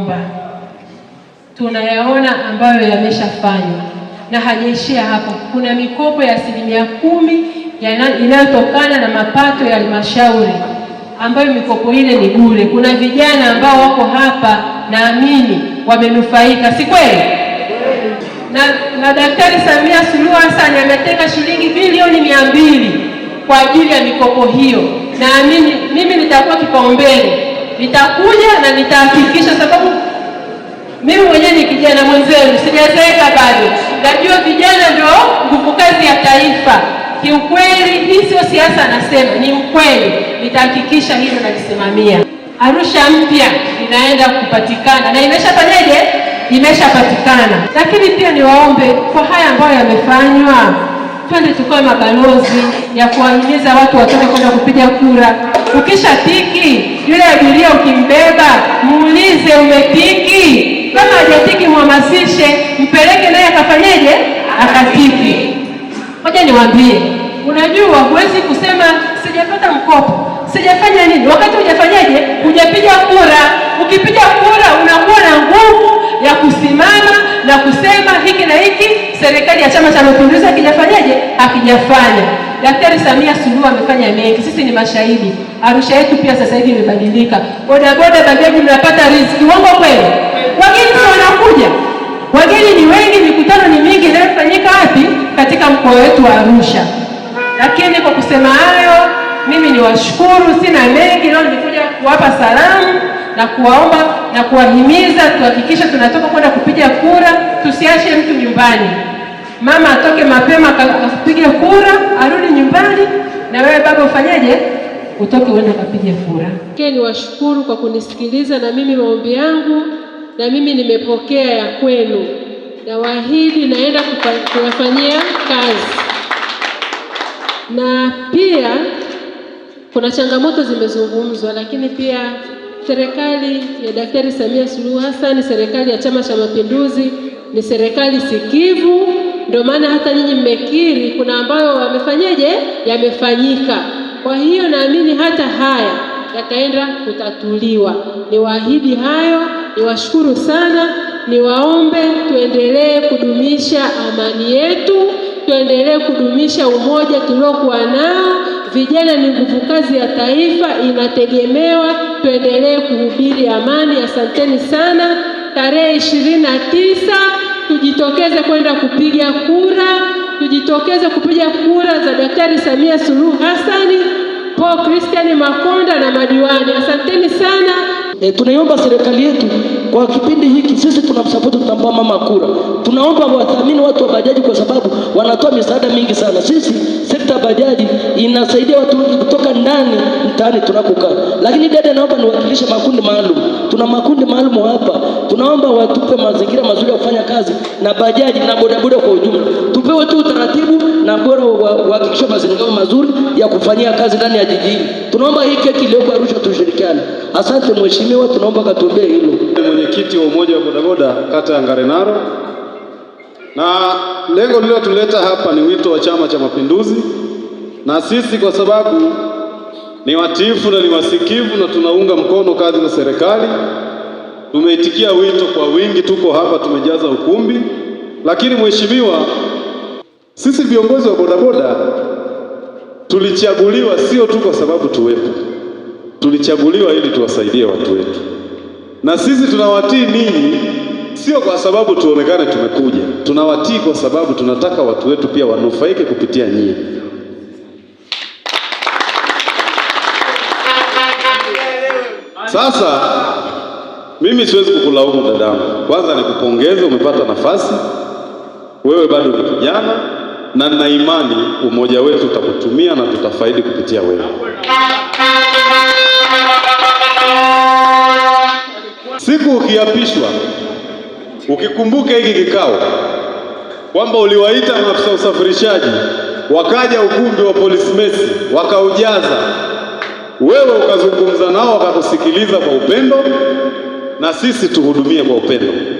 kuomba. Tunayaona ambayo yameshafanywa na hajaishia hapo. Kuna mikopo ya asilimia kumi inayotokana na mapato ya halmashauri ambayo mikopo ile ni bure. Kuna vijana ambao wako hapa naamini wamenufaika, si kweli? Na, na Daktari Samia Suluhu Hassan ametenga shilingi bilioni mia mbili kwa ajili ya mikopo hiyo. Naamini mimi nitakuwa kipaumbele nitakuja na nitahakikisha, sababu mimi mwenyewe ni kijana mwenzenu, sijazeeka bado. Najua vijana ndio nguvu kazi ya taifa. Kiukweli hii sio siasa, anasema ni ukweli. Nitahakikisha hilo nalisimamia. Arusha mpya inaenda kupatikana na imeshafanyaje? Imeshapatikana. Lakini pia niwaombe kwa haya ambayo yamefanywa, twende tukawe mabalozi ya kuwahimiza watu watoke kwenda kupiga kura. Ukisha tiki yule abiria, ukimbeba muulize umetiki. Kama hajatiki mhamasishe, mpeleke naye akafanyeje, akatiki. Ngoja niwaambie, unajua huwezi kusema sijapata mkopo, sijafanya nini, wakati hujafanyaje, hujapiga kura. Ukipiga kura unakuwa na nguvu ya kusimama na kusema hiki na hiki serikali ya Chama cha Mapinduzi hakijafanyaje, hakijafanya Daktari Samia Suluhu amefanya mengi, sisi ni mashahidi. Arusha yetu pia sasa hivi imebadilika, bodaboda, bajaji mnapata riziki. Uongo kweli? Wageni wanakuja, wageni ni wengi, mikutano ni mingi inayofanyika wapi? Katika mkoa wetu wa Arusha. Lakini kwa kusema hayo, mimi ni washukuru, sina mengi. Leo nilikuja kuwapa salamu na kuwaomba na kuwahimiza tuhakikishe tunatoka kwenda kupiga kura, tusiache mtu nyumbani mama atoke mapema akapiga kura arudi nyumbani, na wewe baba ufanyeje? Utoke uende akapiga kura. Ke, niwashukuru kwa kunisikiliza, na mimi maombi yangu na mimi nimepokea ya kwenu, na wahidi naenda kuwafanyia kazi. Na pia kuna changamoto zimezungumzwa, lakini pia serikali ya Daktari Samia Suluhu Hassan, serikali ya Chama cha Mapinduzi ni serikali sikivu. Ndio maana hata nyinyi mmekiri kuna ambayo wamefanyeje, yamefanyika. Kwa hiyo naamini hata haya yataenda kutatuliwa. Niwaahidi hayo, niwashukuru sana, niwaombe tuendelee kudumisha amani yetu, tuendelee kudumisha umoja tuliokuwa nao. Vijana ni nguvu kazi ya taifa, inategemewa. Tuendelee kuhubiri amani. Asanteni sana. Tarehe ishirini na tisa tujitokeze kwenda kupiga kura, tujitokeze kupiga kura za Daktari Samia Suluhu Hassani, Paul Christian Makonda na madiwani. Asanteni sana. E, tunaiomba serikali yetu kwa kipindi hiki, sisi tunamsapoti, tunampa mama kura. Tunaomba wathamini watu wa bajaji, kwa sababu wanatoa misaada mingi sana. Sisi sekta bajaji inasaidia watu wengi kutoka ndani mtaani tunakokaa, lakini dada, naomba niwakilishe makundi maalum. Tuna makundi maalum hapa, tunaomba watupe mazingira mazuri ya kazi na bajaji na bodaboda kwa ujumla, tupewe tu utaratibu na bora uhakikishe mazingira mazuri ya kufanyia kazi ndani ya jiji hili. Tunaomba hii keki iliyoko Arusha tushirikiane. Asante mheshimiwa, tunaomba katuombee hilo. Mwenyekiti wa umoja wa bodaboda kata ya Ngarenaro, na lengo lililotuleta hapa ni wito wa Chama cha Mapinduzi, na sisi kwa sababu ni watiifu na ni wasikivu na tunaunga mkono kazi za serikali Tumeitikia wito kwa wingi, tuko hapa, tumejaza ukumbi. Lakini mheshimiwa, sisi viongozi wa bodaboda tulichaguliwa sio tu kwa sababu tuwepo, tulichaguliwa ili tuwasaidie watu wetu, na sisi tunawatii ninyi sio kwa sababu tuonekane tumekuja, tunawatii kwa sababu tunataka watu wetu pia wanufaike kupitia nyinyi. Sasa mimi siwezi kukulaumu dadangu, kwanza nikupongeze, umepata nafasi. Wewe bado ni kijana, na nina imani umoja wetu utakutumia na tutafaidi kupitia wewe. Siku ukiapishwa ukikumbuke hiki kikao kwamba uliwaita maafisa usafirishaji wakaja ukumbi wa polisi mesi wakaujaza, wewe ukazungumza nao wakakusikiliza kwa upendo na sisi tuhudumie kwa upendo.